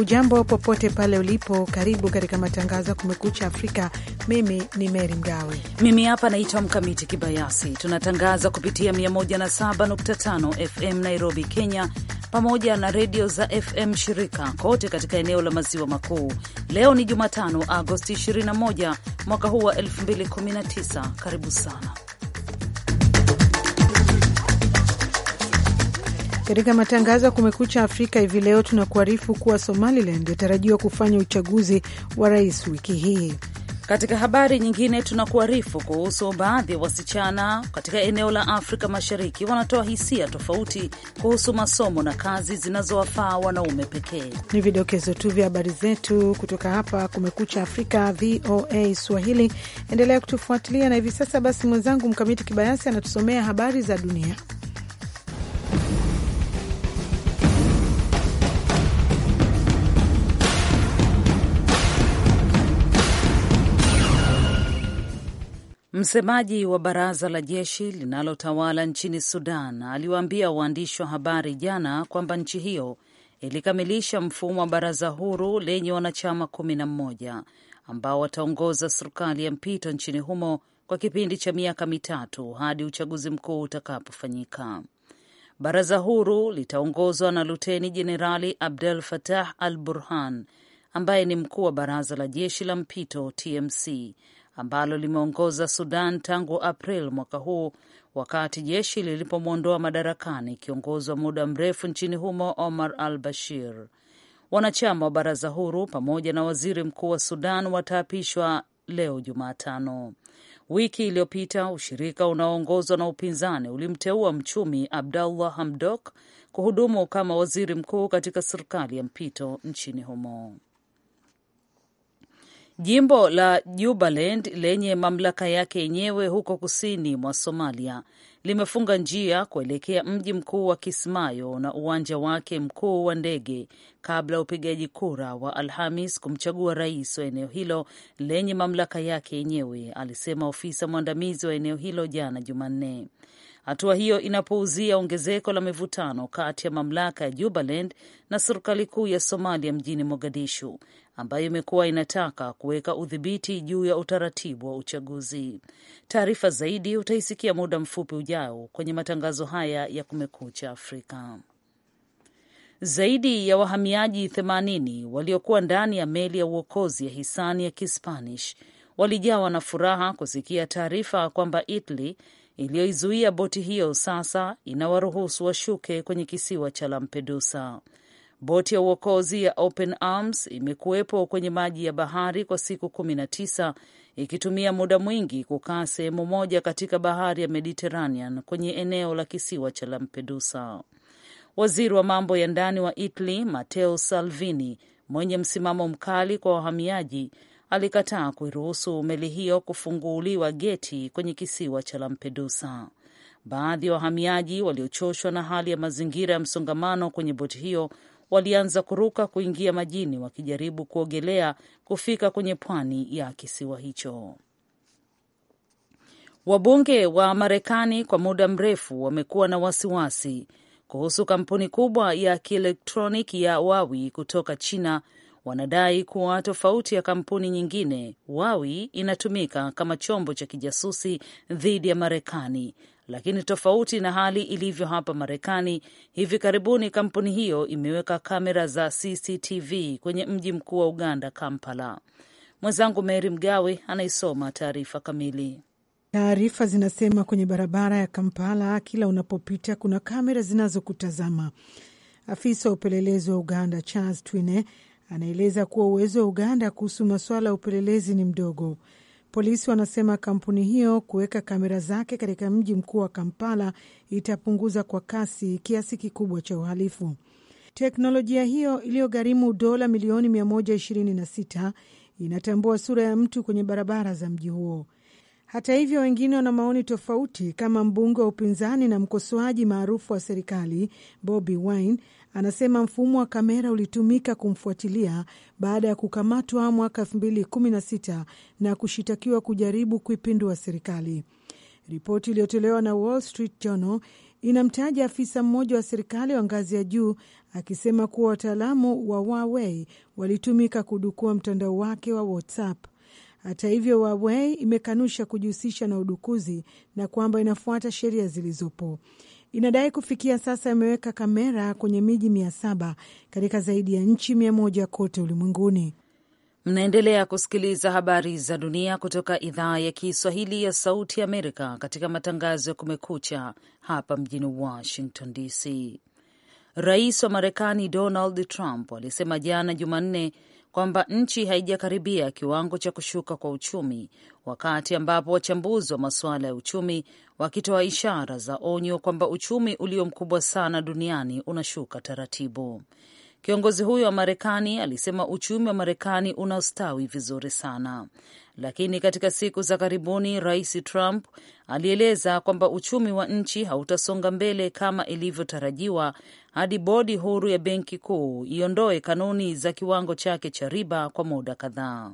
Hujambo popote pale ulipo, karibu katika matangazo ya Kumekucha Afrika. Mimi ni Meri Mgawe, mimi hapa naitwa Mkamiti Kibayasi. Tunatangaza kupitia 107.5 FM Nairobi, Kenya, pamoja na redio za FM shirika kote katika eneo la maziwa makuu. Leo ni Jumatano, Agosti 21 mwaka huu wa 2019. Karibu sana Katika matangazo ya Kumekucha Afrika hivi leo, tunakuarifu kuwa Somaliland yatarajiwa kufanya uchaguzi wa rais wiki hii. Katika habari nyingine, tunakuarifu kuhusu baadhi ya wasichana katika eneo la Afrika Mashariki wanatoa hisia tofauti kuhusu masomo na kazi zinazowafaa wanaume pekee. Ni vidokezo tu vya habari zetu kutoka hapa Kumekucha Afrika, VOA Swahili. Endelea kutufuatilia na hivi sasa basi, mwenzangu Mkamiti Kibayasi anatusomea habari za dunia. Msemaji wa baraza la jeshi linalotawala nchini Sudan aliwaambia waandishi wa habari jana kwamba nchi hiyo ilikamilisha mfumo wa baraza huru lenye wanachama kumi na mmoja ambao wataongoza serikali ya mpito nchini humo kwa kipindi cha miaka mitatu hadi uchaguzi mkuu utakapofanyika. Baraza huru litaongozwa na Luteni Jenerali Abdel Fattah al Burhan ambaye ni mkuu wa baraza la jeshi la mpito TMC ambalo limeongoza Sudan tangu April mwaka huu wakati jeshi lilipomwondoa madarakani kiongozi wa muda mrefu nchini humo Omar al Bashir. Wanachama wa baraza huru pamoja na waziri mkuu wa Sudan wataapishwa leo Jumatano. Wiki iliyopita ushirika unaoongozwa na upinzani ulimteua mchumi Abdallah Hamdok kuhudumu kama waziri mkuu katika serikali ya mpito nchini humo. Jimbo la Jubaland lenye mamlaka yake yenyewe huko kusini mwa Somalia limefunga njia kuelekea mji mkuu wa Kismayo na uwanja wake mkuu wa ndege kabla ya upigaji kura wa Alhamis kumchagua rais wa eneo hilo lenye mamlaka yake yenyewe, alisema ofisa mwandamizi wa eneo hilo jana Jumanne. Hatua hiyo inapouzia ongezeko la mivutano kati ya mamlaka ya Jubaland na serikali kuu ya Somalia mjini Mogadishu, ambayo imekuwa inataka kuweka udhibiti juu ya utaratibu wa uchaguzi. Taarifa zaidi utaisikia muda mfupi ujao kwenye matangazo haya ya Kumekucha Afrika. Zaidi ya wahamiaji 80 waliokuwa ndani ya meli ya uokozi ya hisani ya Kispanish walijawa na furaha kusikia taarifa kwamba Italy iliyoizuia boti hiyo sasa inawaruhusu washuke kwenye kisiwa cha Lampedusa. Boti ya uokozi ya Open Arms imekuwepo kwenye maji ya bahari kwa siku kumi na tisa ikitumia muda mwingi kukaa sehemu moja katika bahari ya Mediterranean kwenye eneo la kisiwa cha Lampedusa. Waziri wa mambo ya ndani wa Italy Matteo Salvini, mwenye msimamo mkali kwa wahamiaji, alikataa kuiruhusu meli hiyo kufunguliwa geti kwenye kisiwa cha Lampedusa. Baadhi ya wahamiaji waliochoshwa na hali ya mazingira ya msongamano kwenye boti hiyo walianza kuruka kuingia majini wakijaribu kuogelea kufika kwenye pwani ya kisiwa hicho. Wabunge wa Marekani kwa muda mrefu wamekuwa na wasiwasi kuhusu kampuni kubwa ya kielektroniki ya Huawei kutoka China wanadai kuwa tofauti ya kampuni nyingine, Huawei inatumika kama chombo cha kijasusi dhidi ya Marekani. Lakini tofauti na hali ilivyo hapa Marekani, hivi karibuni kampuni hiyo imeweka kamera za CCTV kwenye mji mkuu wa Uganda, Kampala. Mwenzangu Mary Mgawe anaisoma taarifa kamili. Taarifa zinasema kwenye barabara ya Kampala kila unapopita kuna kamera zinazokutazama. Afisa wa upelelezi wa Uganda Charles Twine anaeleza kuwa uwezo wa Uganda kuhusu masuala ya upelelezi ni mdogo. Polisi wanasema kampuni hiyo kuweka kamera zake katika mji mkuu wa Kampala itapunguza kwa kasi kiasi kikubwa cha uhalifu. Teknolojia hiyo iliyogharimu dola milioni 126 inatambua sura ya mtu kwenye barabara za mji huo. Hata hivyo, wengine wana maoni tofauti, kama mbunge wa upinzani na mkosoaji maarufu wa serikali Bobi Wine Anasema mfumo wa kamera ulitumika kumfuatilia baada ya kukamatwa mwaka 2016 na kushitakiwa kujaribu kuipindua serikali. Ripoti iliyotolewa na Wall Street Journal inamtaja afisa mmoja wa serikali wa ngazi ya juu akisema kuwa wataalamu wa Huawei walitumika kudukua mtandao wake wa WhatsApp. Hata hivyo, Huawei imekanusha kujihusisha na udukuzi na kwamba inafuata sheria zilizopo inadai kufikia sasa imeweka kamera kwenye miji mia saba katika zaidi ya nchi mia moja kote ulimwenguni. Mnaendelea kusikiliza habari za dunia kutoka idhaa ya Kiswahili ya Sauti ya Amerika katika matangazo ya Kumekucha hapa mjini Washington DC. Rais wa Marekani Donald Trump alisema jana Jumanne kwamba nchi haijakaribia kiwango cha kushuka kwa uchumi, wakati ambapo wachambuzi wa masuala ya uchumi wakitoa ishara za onyo kwamba uchumi ulio mkubwa sana duniani unashuka taratibu. Kiongozi huyo wa Marekani alisema uchumi wa Marekani unaostawi vizuri sana lakini katika siku za karibuni Rais Trump alieleza kwamba uchumi wa nchi hautasonga mbele kama ilivyotarajiwa hadi bodi huru ya benki kuu iondoe kanuni za kiwango chake cha riba kwa muda kadhaa.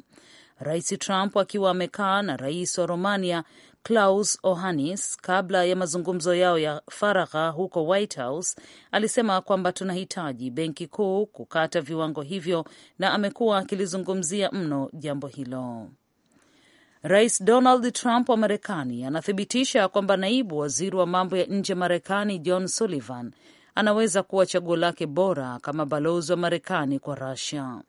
Rais Trump akiwa amekaa na rais wa Romania Klaus ohanis kabla ya mazungumzo yao ya faragha huko White House alisema kwamba tunahitaji benki kuu kukata viwango hivyo, na amekuwa akilizungumzia mno jambo hilo. Rais Donald Trump wa Marekani anathibitisha kwamba naibu waziri wa mambo ya nje Marekani John Sullivan anaweza kuwa chaguo lake bora kama balozi wa Marekani kwa Rusia.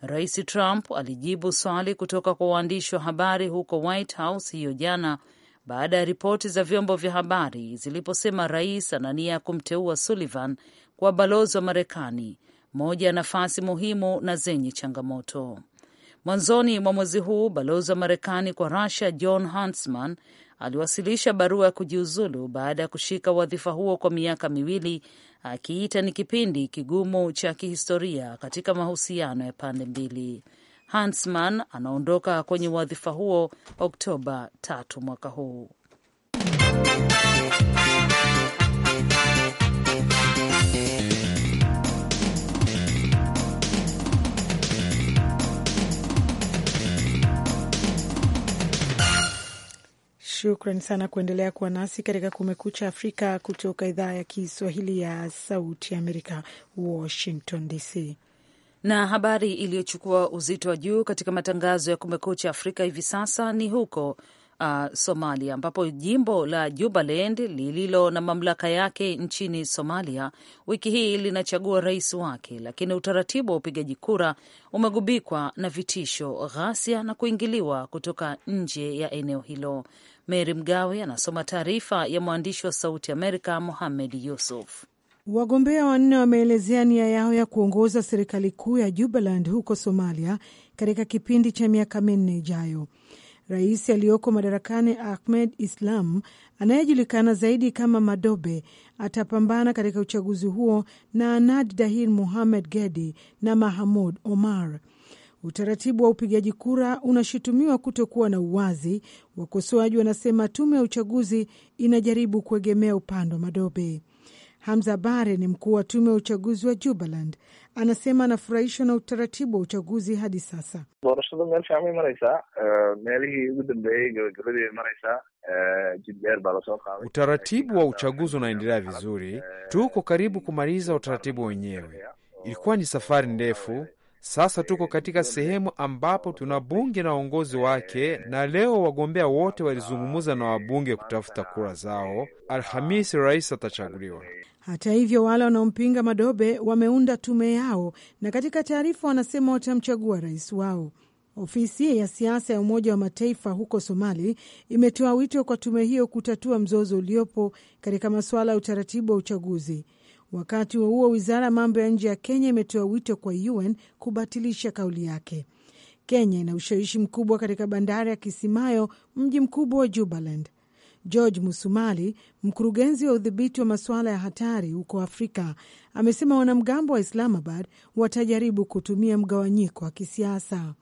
Rais Trump alijibu swali kutoka kwa waandishi wa habari huko White House hiyo jana baada ya ripoti za vyombo vya habari ziliposema rais ana nia ya kumteua Sullivan kuwa balozi wa Marekani, moja ya nafasi muhimu na zenye changamoto. Mwanzoni mwa mwezi huu balozi wa Marekani kwa Rusia John Huntsman aliwasilisha barua ya kujiuzulu baada ya kushika wadhifa huo kwa miaka miwili, akiita ni kipindi kigumu cha kihistoria katika mahusiano ya pande mbili. Huntsman anaondoka kwenye wadhifa huo Oktoba tatu mwaka huu. Shukran sana kuendelea kuwa nasi katika Kumekucha Afrika kutoka idhaa ya Kiswahili ya Sauti Amerika, Washington DC. Na habari iliyochukua uzito wa juu katika matangazo ya Kumekucha Afrika hivi sasa ni huko uh, Somalia, ambapo jimbo la Jubaland lililo na mamlaka yake nchini Somalia wiki hii linachagua rais wake, lakini utaratibu wa upigaji kura umegubikwa na vitisho, ghasia na kuingiliwa kutoka nje ya eneo hilo. Mary Mgawe anasoma taarifa ya mwandishi wa Sauti Amerika Muhamed Yusuf. Wagombea wanne wameelezea nia yao ya kuongoza serikali kuu ya Jubaland huko Somalia katika kipindi cha miaka minne ijayo. Rais aliyoko madarakani Ahmed Islam anayejulikana zaidi kama Madobe atapambana katika uchaguzi huo na Anad Dahir muhamed Gedi na Mahamud Omar. Utaratibu wa upigaji kura unashutumiwa kutokuwa na uwazi. Wakosoaji wanasema tume ya uchaguzi inajaribu kuegemea upande wa Madobe. Hamza Bare ni mkuu wa tume ya uchaguzi wa Jubaland anasema anafurahishwa na utaratibu wa uchaguzi hadi sasa. doorashada meel bay maraysaa eh, meelihii ugu dambeeyey gabagabadii maraysaa eh, Utaratibu wa uchaguzi unaendelea vizuri, tuko karibu kumaliza utaratibu wenyewe. Ilikuwa ni safari ndefu. Sasa tuko katika sehemu ambapo tuna bunge na uongozi wake, na leo wagombea wote walizungumza na wabunge kutafuta kura zao. Alhamisi rais atachaguliwa. Hata hivyo, wale wanaompinga Madobe wameunda tume yao, na katika taarifa wanasema watamchagua rais wao. Ofisi ya siasa ya Umoja wa Mataifa huko Somali imetoa wito kwa tume hiyo kutatua mzozo uliopo katika masuala ya utaratibu wa uchaguzi. Wakati huo huo, wizara ya mambo ya nje ya Kenya imetoa wito kwa UN kubatilisha kauli yake. Kenya ina ushawishi mkubwa katika bandari ya Kisimayo, mji mkubwa wa Jubaland. George Musumali, mkurugenzi wa udhibiti wa masuala ya hatari huko Afrika, amesema wanamgambo wa Islamabad watajaribu kutumia mgawanyiko wa kisiasa.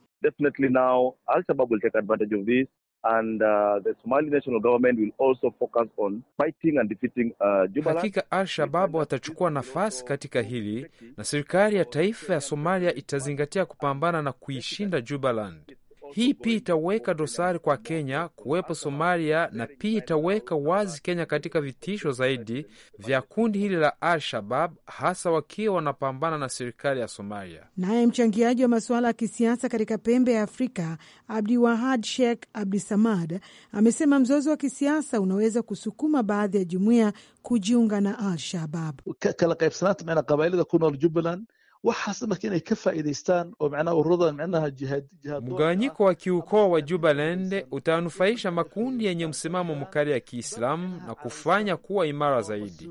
Hakika Al-Shabab watachukua nafasi katika hili na serikali ya taifa ya Somalia itazingatia kupambana na kuishinda Jubaland. Hii pia itaweka dosari kwa Kenya kuwepo Somalia, na pia itaweka wazi Kenya katika vitisho zaidi vya kundi hili la Al-Shabab, hasa wakiwa wanapambana na serikali ya Somalia. Naye mchangiaji wa masuala ya kisiasa katika pembe ya Afrika, Abdi Wahad Sheikh Abdi Samad, amesema mzozo wa kisiasa unaweza kusukuma baadhi ya jumuiya kujiunga na Al-Shabab waxaas marka inay ka faa'iidaystaan oo macnaha ururadan macnaha jihaad jihaad mgawanyiko wa kiukoo wa Jubaland utanufaisha makundi yenye msimamo mkali ya Kiislamu na kufanya kuwa imara zaidi.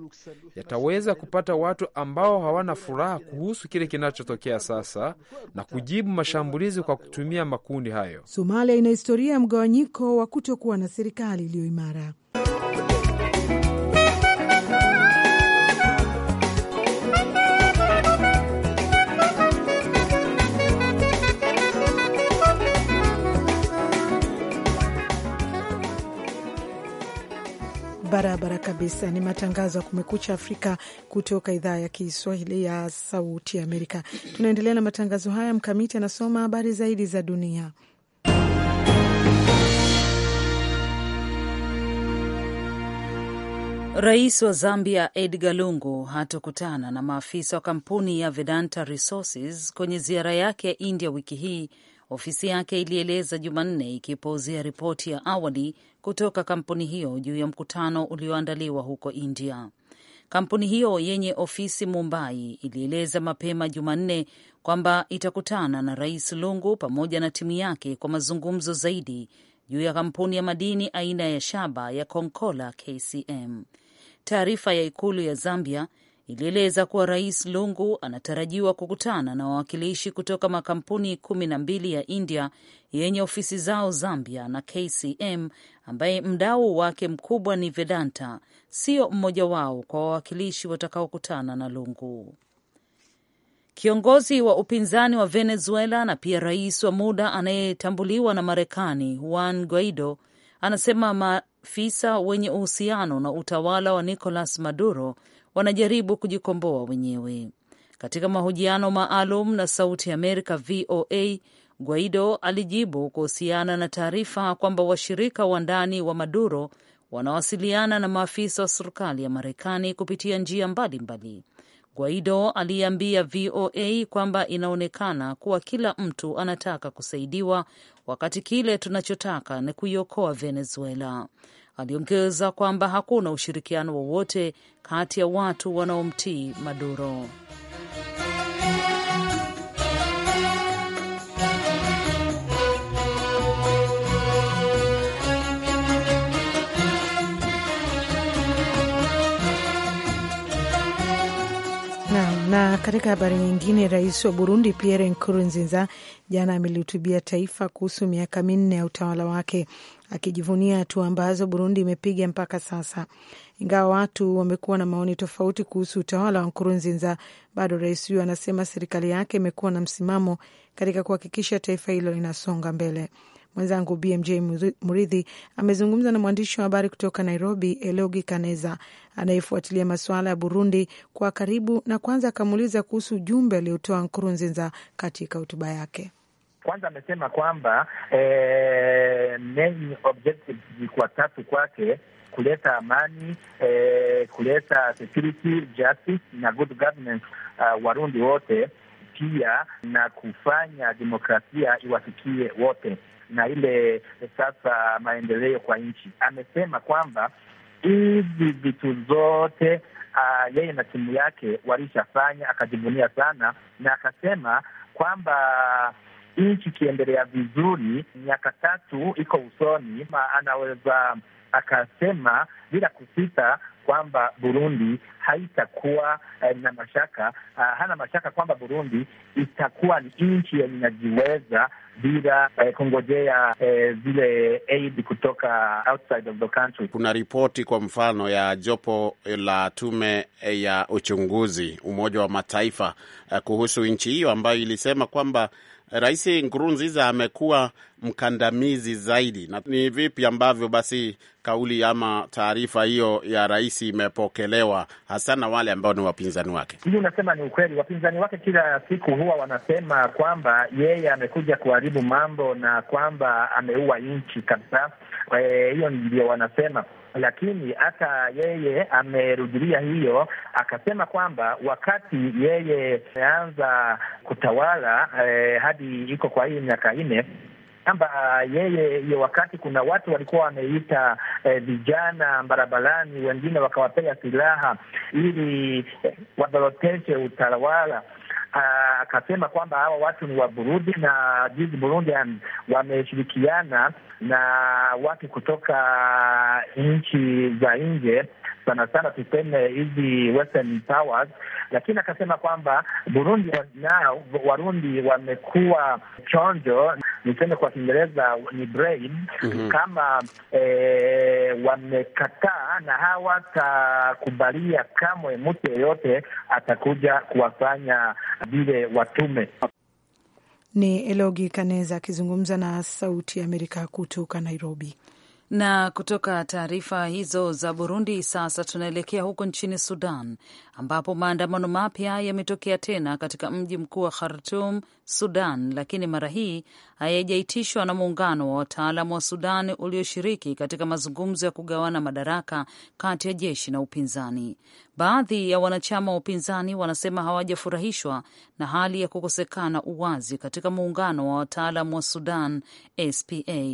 Yataweza kupata watu ambao hawana furaha kuhusu kile kinachotokea sasa na kujibu mashambulizi kwa kutumia makundi hayo. Somalia ina historia ya mgawanyiko wa kutokuwa na serikali iliyo imara. Barabara kabisa, ni matangazo ya Kumekucha Afrika kutoka idhaa ya Kiswahili ya Sauti Amerika. Tunaendelea na matangazo haya. Mkamiti anasoma habari zaidi za dunia. Rais wa Zambia Edgar Lungu hatokutana na maafisa wa kampuni ya Vedanta Resources kwenye ziara yake ya India wiki hii ofisi yake ilieleza Jumanne, ikipuuzia ripoti ya awali kutoka kampuni hiyo juu ya mkutano ulioandaliwa huko India. Kampuni hiyo yenye ofisi Mumbai ilieleza mapema Jumanne kwamba itakutana na Rais Lungu pamoja na timu yake kwa mazungumzo zaidi juu ya kampuni ya madini aina ya shaba ya Konkola KCM. Taarifa ya ikulu ya Zambia ilieleza kuwa Rais Lungu anatarajiwa kukutana na wawakilishi kutoka makampuni kumi na mbili ya India yenye ofisi zao Zambia na KCM ambaye mdau wake mkubwa ni Vedanta sio mmoja wao kwa wawakilishi watakaokutana na Lungu. Kiongozi wa upinzani wa Venezuela na pia rais wa muda anayetambuliwa na Marekani Juan Guaido anasema maafisa wenye uhusiano na utawala wa Nicolas Maduro wanajaribu kujikomboa wenyewe. Katika mahojiano maalum na Sauti Amerika VOA, Guaido alijibu kuhusiana na taarifa kwamba washirika wa ndani wa Maduro wanawasiliana na maafisa wa serikali ya Marekani kupitia njia mbalimbali mbali. Guaido aliambia VOA kwamba inaonekana kuwa kila mtu anataka kusaidiwa wakati kile tunachotaka ni kuiokoa Venezuela aliongeza kwamba hakuna ushirikiano wowote kati ya watu wanaomtii Maduro. Na katika habari nyingine, rais wa Burundi Pierre Nkurunziza jana amelihutubia taifa kuhusu miaka minne ya utawala wake, akijivunia hatua ambazo Burundi imepiga mpaka sasa. Ingawa watu wamekuwa na maoni tofauti kuhusu utawala wa Nkurunziza, bado rais huyo anasema serikali yake imekuwa na msimamo katika kuhakikisha taifa hilo linasonga mbele. Mwenzangu BMJ Muridhi amezungumza na mwandishi wa habari kutoka Nairobi, Elogi Kaneza, anayefuatilia masuala ya Burundi kwa karibu, na kwanza akamuuliza kuhusu ujumbe aliyotoa Nkurunziza katika hotuba yake. Kwanza amesema kwamba eh, main objectives zilikuwa tatu kwake kuleta amani eh, kuleta security, justice na good governance uh, Warundi wote pia na kufanya demokrasia iwafikie wote na ile eh, sasa maendeleo kwa nchi. Amesema kwamba hizi vitu zote uh, yeye na timu yake walishafanya, akajivunia sana, na akasema kwamba nchi ikiendelea vizuri, miaka tatu iko usoni, anaweza akasema bila kusita kwamba Burundi haitakuwa eh, na mashaka ah, hana mashaka kwamba Burundi itakuwa ni nchi yenye inajiweza bila eh, kungojea eh, zile aid kutoka outside of the country. Kuna ripoti kwa mfano ya jopo la tume eh, ya uchunguzi Umoja wa Mataifa eh, kuhusu nchi hiyo ambayo ilisema kwamba Rais Nkurunziza amekuwa mkandamizi zaidi, na ni vipi ambavyo basi kauli ama taarifa hiyo ya rais imepokelewa hasa na wale ambao ni wapinzani wake? hii unasema ni ukweli. Wapinzani wake kila siku huwa wanasema kwamba yeye amekuja kuharibu mambo na kwamba ameua nchi kabisa. Eh, hiyo ndio wanasema lakini hata yeye amerudilia hiyo, akasema kwamba wakati yeye ameanza kutawala eh, hadi iko kwa hii miaka nne kwamba yeye hiyo wakati kuna watu walikuwa wameita eh, vijana barabarani, wengine wakawapea silaha ili eh, waboroteshe utawala. Ah, akasema kwamba hawa watu ni waburudi na jizi Burundi um, wameshirikiana na watu kutoka nchi za nje sana sana tuseme hizi western powers, lakini akasema kwamba Burundi na Warundi wamekuwa chonjo, niseme kwa Kiingereza ni brain mm -hmm. kama e, wamekataa na hawatakubalia kamwe mtu yeyote atakuja kuwafanya vile watume ni Elogi Kaneza akizungumza na Sauti ya Amerika kutoka Nairobi. Na kutoka taarifa hizo za Burundi, sasa tunaelekea huko nchini Sudan, ambapo maandamano mapya yametokea tena katika mji mkuu wa Khartum, Sudan, lakini mara hii hayajaitishwa na muungano wa wataalamu wa Sudan ulioshiriki katika mazungumzo ya kugawana madaraka kati ya jeshi na upinzani. Baadhi ya wanachama wa upinzani wanasema hawajafurahishwa na hali ya kukosekana uwazi katika muungano wa wataalamu wa Sudan, SPA.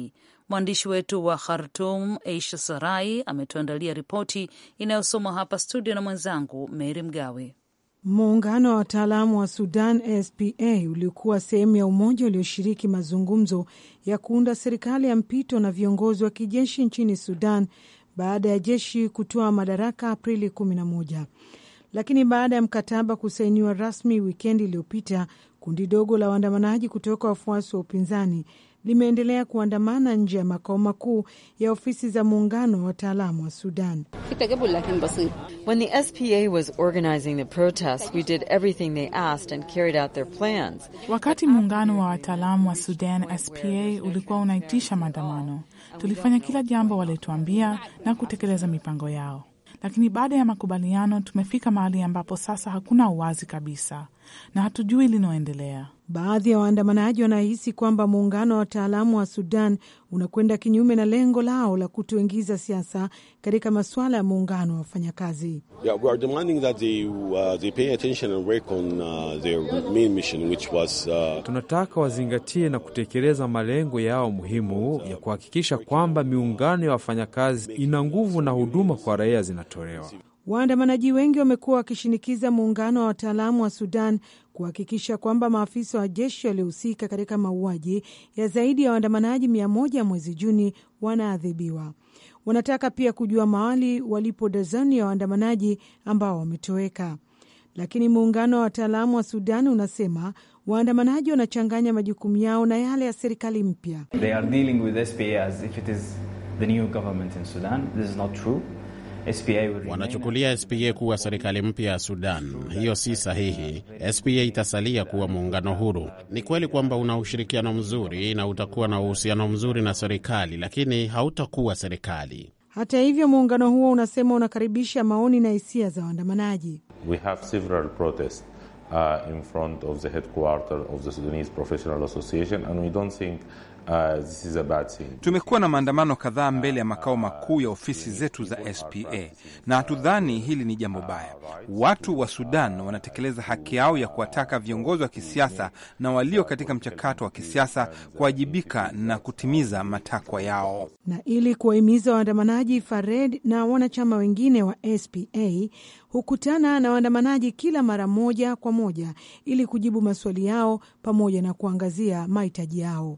Mwandishi wetu wa Khartum, Aisha Sarai, ametuandalia ripoti inayosomwa hapa studio na mwenzangu Meri Mgawe. Muungano wa wataalamu wa Sudan SPA uliokuwa sehemu ya umoja ulioshiriki mazungumzo ya kuunda serikali ya mpito na viongozi wa kijeshi nchini Sudan baada ya jeshi kutoa madaraka Aprili 11 lakini baada ya mkataba kusainiwa rasmi wikendi iliyopita, kundi dogo la waandamanaji kutoka wafuasi wa upinzani limeendelea kuandamana nje ya makao makuu ya ofisi za muungano wa wataalamu wa Sudan. When the SPA was organizing the protests, we did everything they asked and carried out their plans. Wakati muungano wa wataalamu wa Sudan SPA ulikuwa unaitisha maandamano, tulifanya kila jambo walituambia na kutekeleza mipango yao, lakini baada ya makubaliano tumefika mahali ambapo sasa hakuna uwazi kabisa na hatujui linaoendelea. Baadhi ya waandamanaji wanahisi kwamba muungano wa wataalamu wa Sudan unakwenda kinyume na lengo lao la kutoingiza siasa katika masuala ya muungano wa wafanyakazi. Uh, uh, uh, Tunataka wazingatie na kutekeleza malengo yao muhimu ya kuhakikisha kwamba miungano ya wafanyakazi ina nguvu na huduma kwa raia zinatolewa. Waandamanaji wengi wamekuwa wakishinikiza muungano wa wataalamu wa Sudan kuhakikisha kwamba maafisa wa jeshi waliohusika katika mauaji ya zaidi ya waandamanaji mia moja mwezi Juni wanaadhibiwa. Wanataka pia kujua mahali walipo dazani ya waandamanaji ambao wametoweka. Lakini muungano wa wataalamu wa Sudan unasema waandamanaji wanachanganya majukumu yao na yale ya serikali mpya. Wanachukulia SPA kuwa serikali mpya ya Sudan. Hiyo si sahihi. SPA itasalia kuwa muungano huru. Ni kweli kwamba una ushirikiano mzuri na utakuwa na uhusiano mzuri na serikali, lakini hautakuwa serikali. Hata hivyo, muungano huo unasema unakaribisha maoni na hisia za waandamanaji. Uh, tumekuwa na maandamano kadhaa mbele ya makao makuu ya ofisi zetu za SPA na hatudhani hili ni jambo baya. Watu wa Sudan wanatekeleza haki yao ya kuwataka viongozi wa kisiasa na walio katika mchakato wa kisiasa kuwajibika na kutimiza matakwa yao. Na ili kuwahimiza waandamanaji, Fared na wanachama wengine wa SPA hukutana na waandamanaji kila mara moja kwa moja ili kujibu maswali yao pamoja na kuangazia mahitaji yao.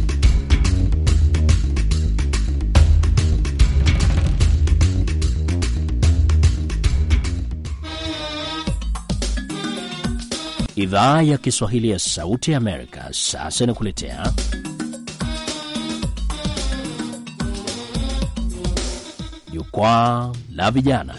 Idhaa ya Kiswahili ya Sauti ya Amerika sasa inakuletea Jukwaa la Vijana.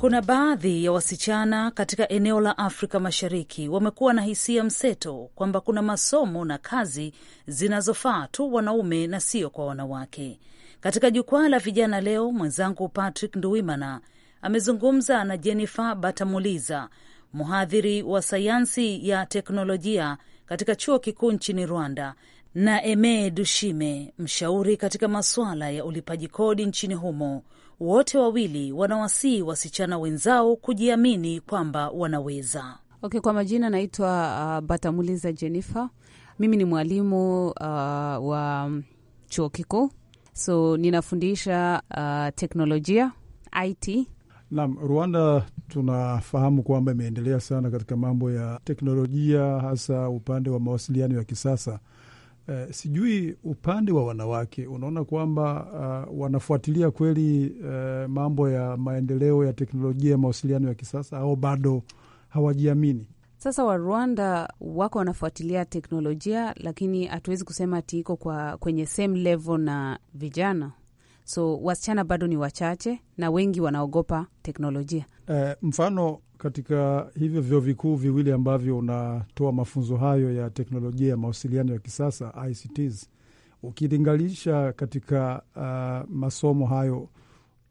Kuna baadhi ya wasichana katika eneo la Afrika Mashariki wamekuwa na hisia mseto kwamba kuna masomo na kazi zinazofaa tu wanaume na sio kwa wanawake. Katika Jukwaa la Vijana leo, mwenzangu Patrick Nduwimana amezungumza na Jennifer Batamuliza, mhadhiri wa sayansi ya teknolojia katika chuo kikuu nchini Rwanda na Eme Dushime, mshauri katika masuala ya ulipaji kodi nchini humo. Wote wawili wanawasihi wasichana wenzao kujiamini kwamba wanaweza. Okay, kwa majina naitwa uh, Batamuliza Jennifer. Mimi ni mwalimu uh, wa chuo kikuu, so ninafundisha uh, teknolojia IT Naam, Rwanda tunafahamu kwamba imeendelea sana katika mambo ya teknolojia, hasa upande wa mawasiliano ya kisasa. E, sijui upande wa wanawake unaona kwamba uh, wanafuatilia kweli uh, mambo ya maendeleo ya teknolojia ya mawasiliano ya kisasa au bado hawajiamini? Sasa Warwanda wako wanafuatilia teknolojia, lakini hatuwezi kusema ati iko kwa kwenye same level na vijana So wasichana bado ni wachache na wengi wanaogopa teknolojia. Eh, mfano katika hivyo vyuo vikuu viwili ambavyo unatoa mafunzo hayo ya teknolojia ya mawasiliano ya kisasa ICTs, ukilinganisha katika uh, masomo hayo,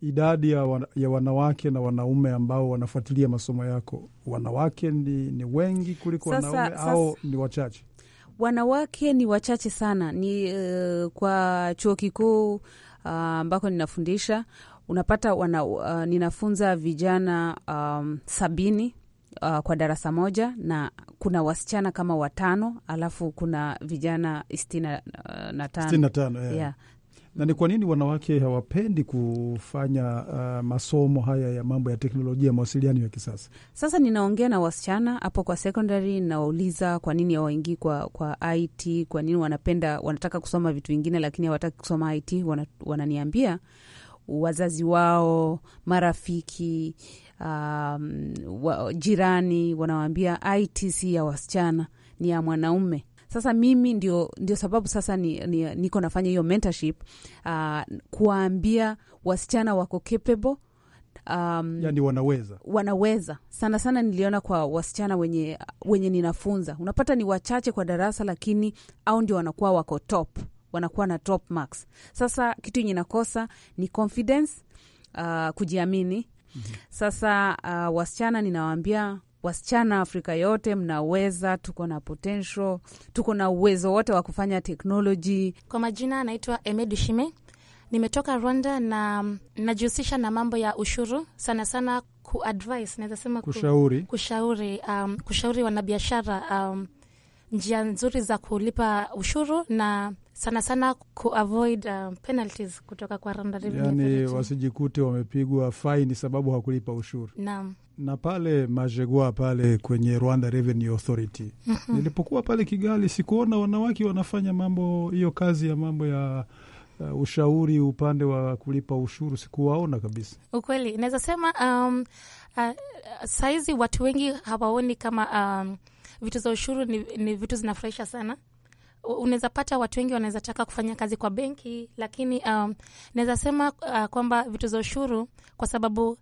idadi ya, wan ya wanawake na wanaume ambao wanafuatilia masomo yako, wanawake ni, ni wengi kuliko sasa, wanaume sasa, au ni wachache? Wanawake ni wachache sana, ni uh, kwa chuo kikuu Uh, ambako ninafundisha unapata wana, uh, ninafunza vijana um, sabini uh, kwa darasa moja na kuna wasichana kama watano alafu kuna vijana sitini na uh, tano yeah na ni kwa nini wanawake hawapendi kufanya uh, masomo haya ya mambo ya teknolojia ya mawasiliano ya kisasa? Sasa ninaongea na wasichana hapo kwa secondary, nawauliza kwa nini hawaingii kwa, kwa IT, kwa nini wanapenda wanataka kusoma vitu vingine lakini hawataki kusoma IT. Wananiambia wazazi wao, marafiki, um, wa, jirani wanawaambia IT si ya wasichana, ni ya mwanaume sasa mimi ndio, ndio sababu sasa ni, ni, niko nafanya hiyo mentorship uh, kuwaambia wasichana wako capable Um, yani wanaweza wanaweza sana sana. Niliona kwa wasichana wenye, wenye ninafunza unapata ni wachache kwa darasa, lakini au ndio wanakuwa wako top, wanakuwa na top marks. Sasa kitu yenye nakosa ni confidence, uh, kujiamini. mm -hmm. Sasa uh, wasichana ninawaambia wasichana Afrika yote mnaweza, tuko na potential, tuko na uwezo wote wa kufanya teknoloji. Kwa majina anaitwa Emedu Shime, nimetoka Rwanda na najihusisha na mambo ya ushuru sana sana, kuadvise, naweza sema kushauri, kushauri, um, kushauri wanabiashara um, njia nzuri za kulipa ushuru na sana sana kuavoid uh, um, penalties kutoka kwa Rwanda Revenue yaani Authority, yani wasijikute wamepigwa faini sababu hakulipa ushuru. Naam na pale majegua pale kwenye Rwanda Revenue Authority mm -hmm. Nilipokuwa pale Kigali sikuona wanawake wanafanya mambo hiyo kazi ya mambo ya uh, ushauri upande wa kulipa ushuru, sikuwaona kabisa. Ukweli naweza sema um, uh, sahizi watu wengi hawaoni kama um, vitu za ushuru ni, ni vitu zinafurahisha sana unaweza pata watu wengi wanaweza taka kufanya kazi kwa benki, lakini um, naweza sema uh, kwamba vitu za ushuru kwa sababu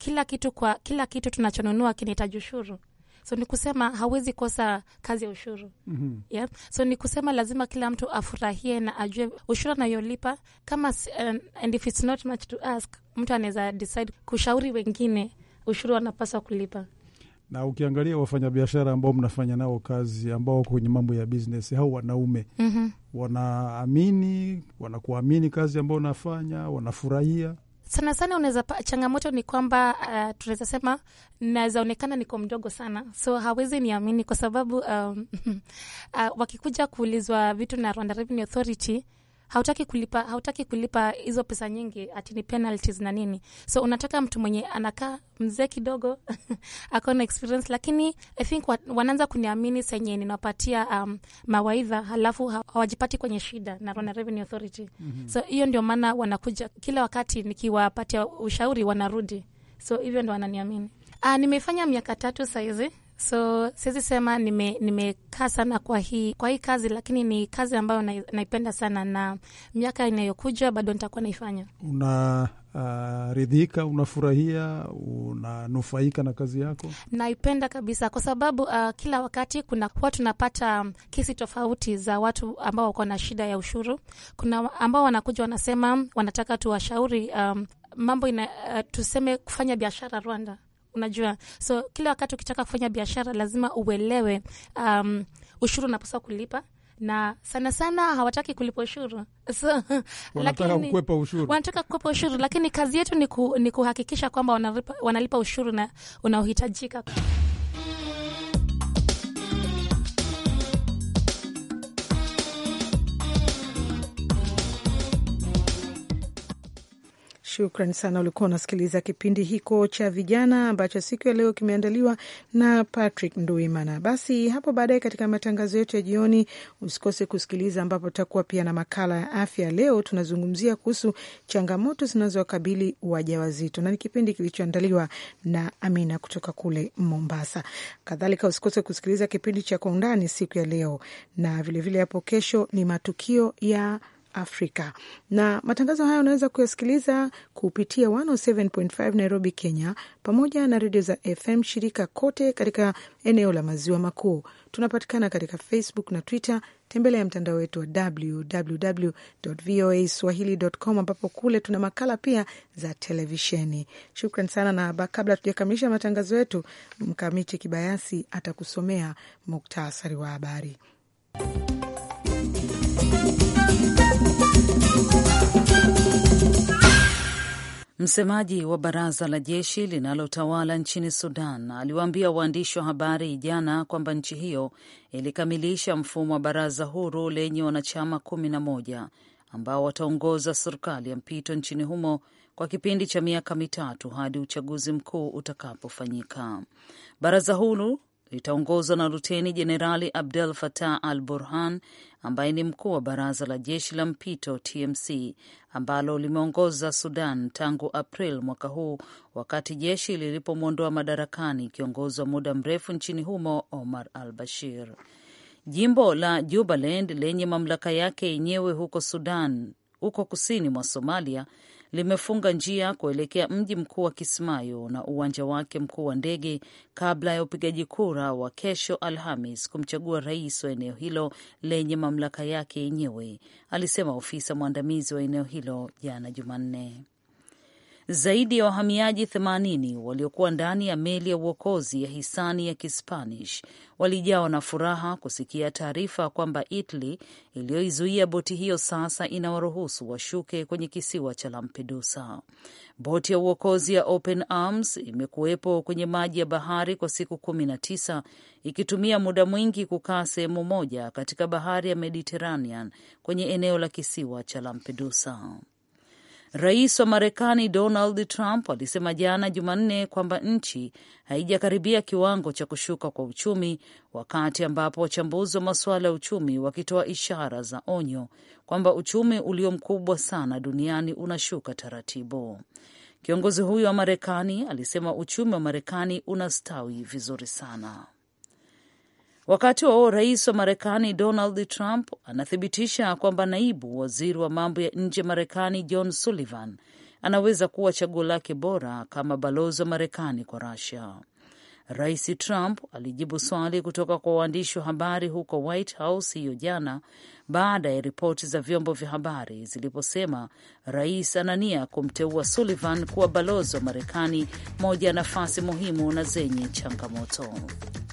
kila kitu, kwa kila kitu tunachonunua kinahitaji ushuru so ni kusema hawezi kosa kazi ya ushuru mm -hmm. yeah? so ni kusema lazima kila mtu afurahie na ajue ushuru anayolipa kama uh, and if it's not much to ask, mtu anaweza decide kushauri wengine ushuru wanapaswa kulipa. Na ukiangalia wafanyabiashara ambao mnafanya nao kazi, ambao wako kwenye mambo ya business, hao wanaume mm -hmm. wanaamini, wanakuamini kazi ambao unafanya, wanafurahia sana sana unaweza changamoto ni kwamba uh, tunaweza sema nawezaonekana niko mdogo sana, so hawezi niamini kwa sababu um, uh, wakikuja kuulizwa vitu na Rwanda Revenue Authority hautaki kulipa, hautaki kulipa hizo pesa nyingi, ati ni penalties na nini. So unataka mtu mwenye anakaa mzee kidogo ako na experience, lakini I think wanaanza kuniamini senye ninawapatia um, mawaidha, halafu hawajipati kwenye shida na Revenue Authority. Mm -hmm. So hiyo ndio maana wanakuja kila wakati nikiwapatia ushauri wanarudi, so hivyo ndo wananiamini. Ah, nimefanya miaka tatu saizi So siwezi sema nimekaa nime sana kwa hii kwa hii kazi, lakini ni kazi ambayo na, naipenda sana na miaka inayokuja bado nitakuwa naifanya. Unaridhika? Ah, uh, unafurahia? Unanufaika na kazi yako? Naipenda kabisa kwa sababu uh, kila wakati kuna huwa tunapata mm, kesi tofauti za watu ambao wako na shida ya ushuru. Kuna ambao wanakuja wanasema wanataka tuwashauri um, mambo ina, uh, tuseme kufanya biashara Rwanda unajua. So kila wakati ukitaka kufanya biashara lazima uelewe um, ushuru unapaswa kulipa na sana sana hawataki kulipa ushuru so, wanataka kukwepa ushuru, wanataka kukwepa ushuru, lakini kazi yetu ni, ku, ni kuhakikisha kwamba wanalipa, wanalipa ushuru na unaohitajika. Shukran sana, ulikuwa unasikiliza kipindi hiko cha vijana ambacho siku ya leo kimeandaliwa na Patrick Nduimana. Basi hapo baadaye katika matangazo yetu ya jioni usikose kusikiliza, ambapo tutakuwa pia na makala ya afya. Leo tunazungumzia kuhusu changamoto zinazowakabili wajawazito na ni kipindi kilichoandaliwa na Amina kutoka kule Mombasa. Kadhalika usikose kusikiliza kipindi cha kwa undani siku ya leo na vilevile hapo kesho ni matukio ya Afrika. Na matangazo haya unaweza kuyasikiliza kupitia 107.5 Nairobi, Kenya, pamoja na redio za FM shirika kote katika eneo la maziwa makuu. Tunapatikana katika Facebook na Twitter. Tembelea mtandao wetu wa www voa swahili.com, ambapo kule tuna makala pia za televisheni. Shukran sana, na kabla tujakamilisha matangazo yetu, Mkamiti Kibayasi atakusomea muktasari wa habari. Msemaji wa baraza la jeshi linalotawala nchini Sudan aliwaambia waandishi wa habari jana kwamba nchi hiyo ilikamilisha mfumo wa baraza huru lenye wanachama kumi na moja ambao wataongoza serikali ya mpito nchini humo kwa kipindi cha miaka mitatu hadi uchaguzi mkuu utakapofanyika. Baraza huru litaongozwa na Luteni Jenerali Abdel Fattah al Burhan ambaye ni mkuu wa baraza la jeshi la mpito TMC ambalo limeongoza Sudan tangu April mwaka huu, wakati jeshi lilipomwondoa madarakani kiongozi wa muda mrefu nchini humo Omar al Bashir. Jimbo la Jubaland lenye mamlaka yake yenyewe huko Sudan, huko kusini mwa Somalia limefunga njia kuelekea mji mkuu wa Kismayo na uwanja wake mkuu wa ndege kabla ya upigaji kura wa kesho Alhamis kumchagua rais wa eneo hilo lenye mamlaka yake yenyewe, alisema ofisa mwandamizi wa eneo hilo jana Jumanne. Zaidi ya wahamiaji 80 waliokuwa ndani ya meli ya uokozi ya hisani ya Kispanish walijawa na furaha kusikia taarifa kwamba Italy iliyoizuia boti hiyo sasa inawaruhusu washuke kwenye kisiwa cha Lampedusa. Boti ya uokozi ya Open Arms imekuwepo kwenye maji ya bahari kwa siku kumi na tisa ikitumia muda mwingi kukaa sehemu moja katika bahari ya Mediterranean kwenye eneo la kisiwa cha Lampedusa. Rais wa Marekani Donald Trump alisema jana Jumanne kwamba nchi haijakaribia kiwango cha kushuka kwa uchumi, wakati ambapo wachambuzi wa masuala ya uchumi wakitoa ishara za onyo kwamba uchumi ulio mkubwa sana duniani unashuka taratibu. Kiongozi huyo wa Marekani alisema uchumi wa Marekani unastawi vizuri sana. Wakati huo rais wa Marekani Donald Trump anathibitisha kwamba naibu waziri wa mambo ya nje Marekani John Sullivan anaweza kuwa chaguo lake bora kama balozi wa Marekani kwa rusia Rais Trump alijibu swali kutoka kwa waandishi wa habari huko White House hiyo jana baada ya ripoti za vyombo vya habari ziliposema Rais anania kumteua Sullivan kuwa balozi wa Marekani, moja ya nafasi muhimu na zenye changamoto.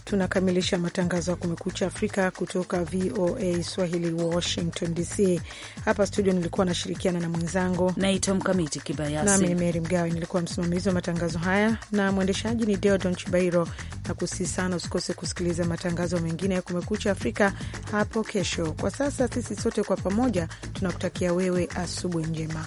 Tunakamilisha matangazo ya Kumekucha Afrika kutoka VOA Swahili, Washington DC. Hapa studio nilikuwa nashirikiana na mwenzangu naitwa Mkamiti Kibayasi, nami ni Meri Mgawe, nilikuwa msimamizi wa matangazo haya na mwendeshaji ni Deodon Chibairo na kusi sana. Usikose kusikiliza matangazo mengine ya Kumekucha Afrika hapo kesho. Kwa sasa sisi sote kwa pamoja tunakutakia wewe asubuhi njema.